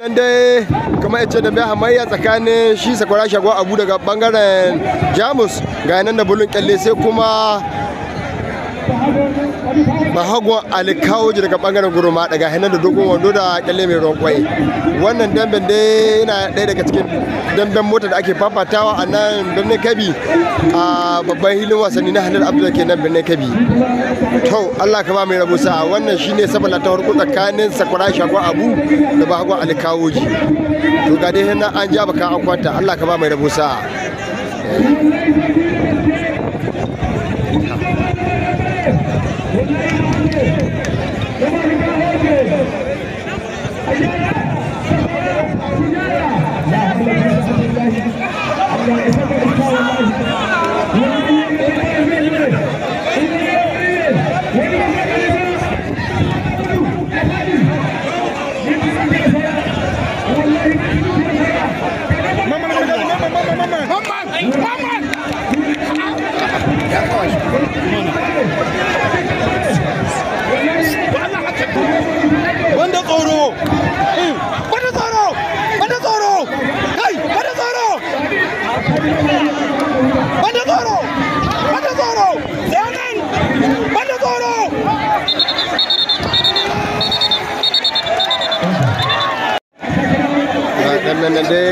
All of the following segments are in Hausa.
nan dai kamar yace da mai hamayya tsakanin shi sakwara shago, abu daga bangaren jamus ga nan da bulun kyalle sai kuma bahago alkawuji daga bangaren guruma daga hannun da dogon wando da kyalle mai ruwan kwai wannan damben da yana ɗaya daga cikin damben mota da ake fafatawa a nan birnin kabi a babban hilin wasanni na hannun abdul ke nan birnin kabi to allah ka ba mai rabu sa wannan shine saboda ta farko tsakanin sakwara shago abu da bahago alkawuji to ga dai hannun an ja baka an kwanta allah ka ba mai rabo sa Amen.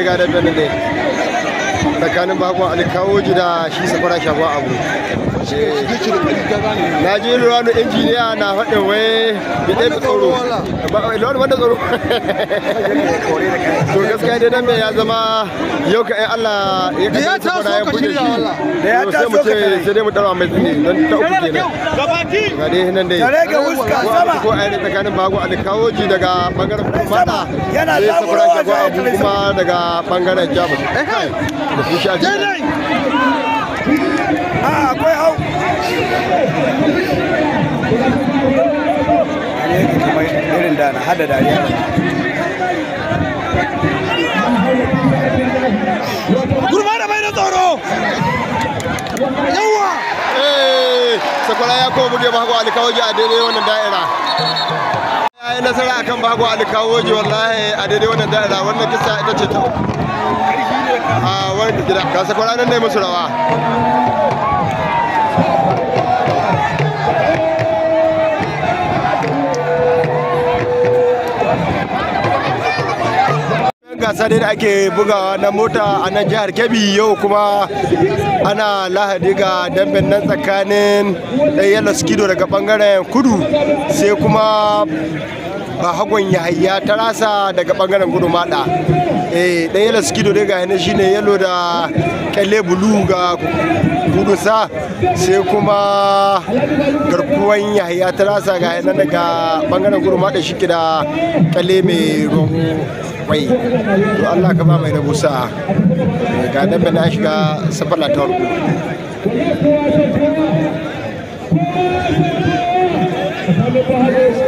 കാറ്റായിട്ട് തന്നെ എന്ത് tsakanin bakon alkawoji da shi safara shafa abu eh, na ji ruwanu injiniya na faɗin wai ya ɗaya tsoro ilawar wanda tsoro to gaskiya dai dan ya zama yau ka ɗaya eh, allah ya kasance safara ya buɗe shi da ya taso ka sai dai mu ɗarwa mai don ta uku ga dai dai ko a yi tsakanin alkawoji daga ɓangaren kuma da kuma daga jamus eh, a ah, akwai hau irin da na hada dariya gurma da bai na tsoro yawa eh, sakwara ya kowa buge bago a daidai wannan da'ira ya yi nasara akan bago alkawoji wallahi a daidai wannan da'ira wannan kisa ita ce ta a ah, wani gida ga sakwara ne musu rawa gasa dai da ake bugawa na mota a nan jihar kebbi yau kuma ana lahadi ga damben nan tsakanin ɗayyar skido daga ɓangaren kudu sai kuma ba hagon yahaya ta rasa daga bangaren gudu mada eh dan yalo skido dai ga yana shine yalo da kyalle bulu ga sa sai kuma garkuwan yahaya ta rasa ga yana daga bangaren gudu mada shi da kyalle mai rohu wai to Allah ka ba mai rabu sa'a ga dan na shiga safala ta warku Thank you.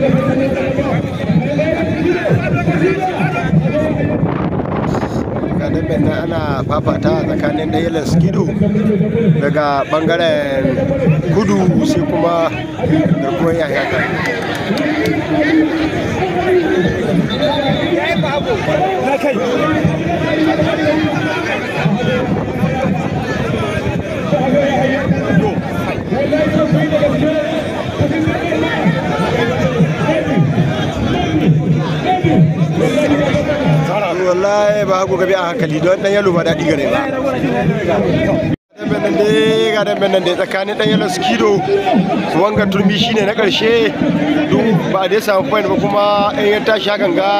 ana fafata tsakanin ɗayalar skido daga bangaren kudu sai kuma kuma yaya muka bi a hankali don dan yalo ba daɗi gare ba nan dai da nan dai tsakanin dan yalo skido wanga turmi shine na karshe duk ba dai samu point ba kuma in ya tashi ganga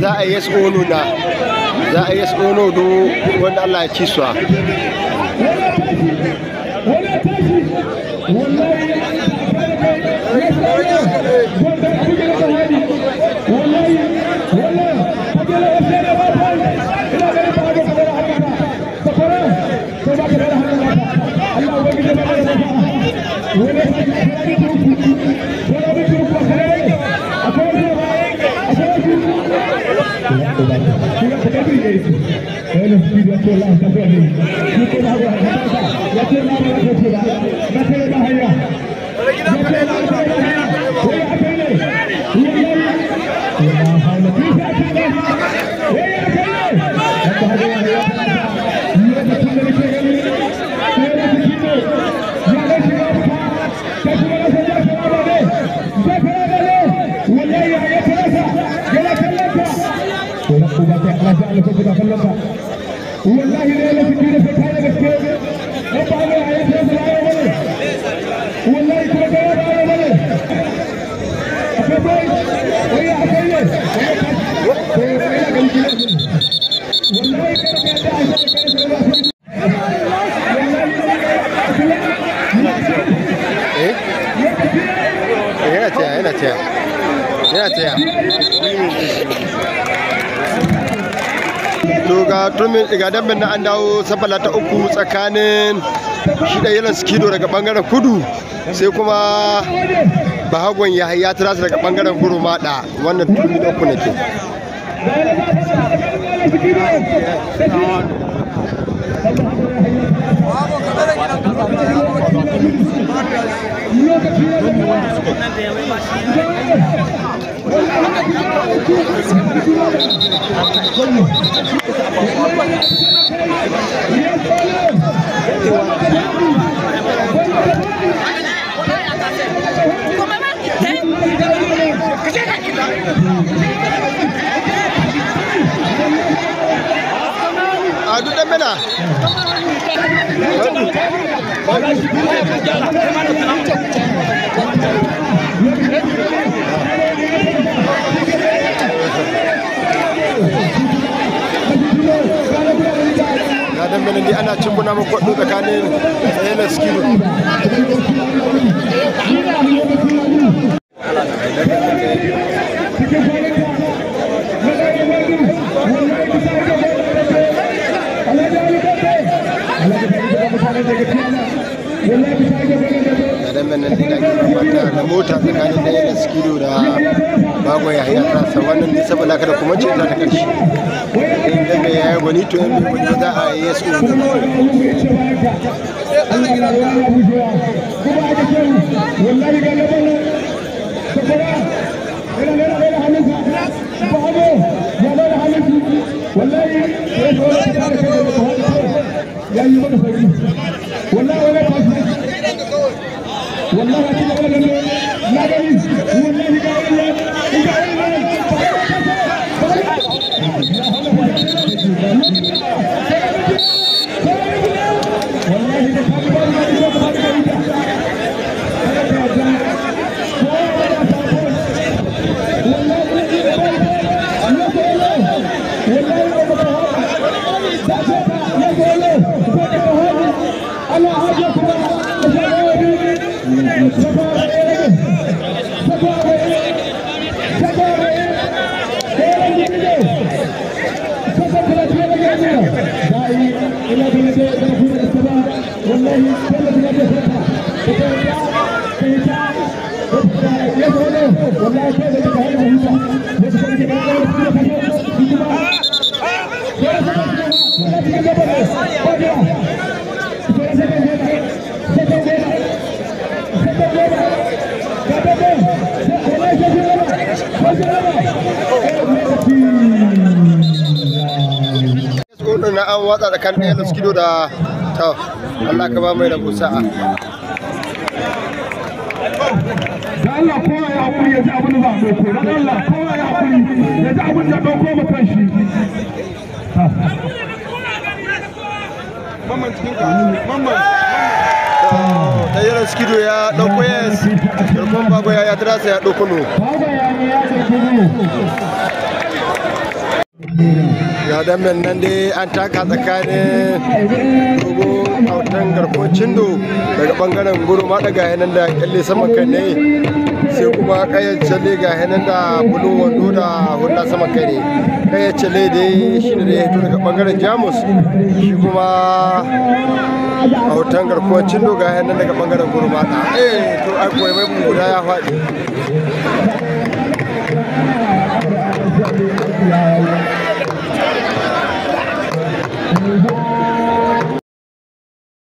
za a yi ono na za a yi ono do wanda Allah ya ci su Cuidado, cuidado Olha, filho, aquele lá, tá vendo? Não tem nada, vai passar. Vai ter nada, vai tirar. nada, vai tirar. لبا والله ليه ما في كده في حاله بس كده ابقى انا عايز نازل على ولا والله كده جايب على ولا افضل وهي عسيه وهي وهي جميله والله كده كده عايز Yeah, yeah, yeah. Yeah, yeah. to ga ga damben na an dawo safala ta uku tsakanin shida yalan skido daga bangaren kudu sai kuma bahagon ya ya tura daga bangaren guru mada wannan turmi da uku nake Thank Adu dan mana? Adu. ana cin buna makwaɗo tsakanin tsaye na skidu sallan nan da ake gabata na mota tsakanin da yana sikido da bagon yahaya kasa wannan nisa balaka da kuma ce ta ta karshe daga yaya gwani to yan mai gwani za a yi su والله Vamos lá, aqui na سڀ سڀ کي ڏيو لڳي nan an watsa tsakanin ɗaya da da ta Allah ka ba mai da musa'a Allah kowa ya hakuri ya ji abin da za a ɗauko Allah kowa ya hakuri ya ji abin da ɗauko kan shi mamman cikin mamman skido ya ɗauko bago ya ya ya ɗauko ya ya ɗauko ga damben nan dai an taka tsakanin a autan garkuwar do daga bangaren guru ma daga yanan da kyalle saman kai ne sai kuma kayyace ne ga yanan da bulu wando da hulla saman kai ne kayan ne dai shi ne da ya daga bangaren jamus shi kuma autan garkuwar do ga yanan daga bangaren guru ma da eh to ai mai guda ya faɗi